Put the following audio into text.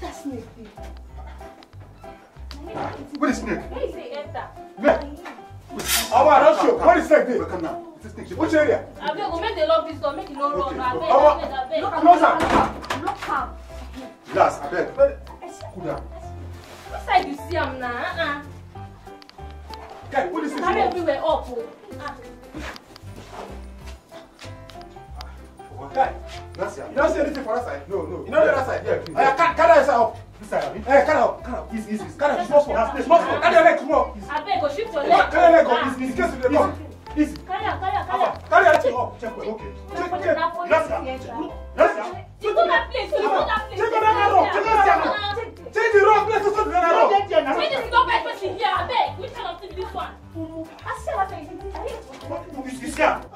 That snake thing. Where is snake? Where is the enter? Where? Ọmọ àná ṣò, where is snake dey? Which area? Abeg, go make the lock this door, make e no run. Abeg, abeg, abeg. Lock am, lock am, lock am. Last, abeg. Cool down. Which side you see him now? Uh-uh. Guy, what is this? Carry everywhere up. Uh-uh. Guy, you don't see anything for that side? No, no. You know the other side? Yeah, please up. This side, hey, cut up, cut up, Easy, easy. Cut out. Eh, Small for Small for. Carry your leg, come on. I beg, go shift your leg. Carry your leg up. Easy, easy. Case with the leg up. Easy. Carry out, carry out, carry out. Carry your leg up. Check well. Oh, okay. Check, check. Let's down. Let's down. You go that place. You go that place. Check on that rock. Check on that rock. Ah. Change the wrong place, Let's go to that rock. Change the wrong place? to here. I beg. Which one of this one? I said I beg. What? You scared?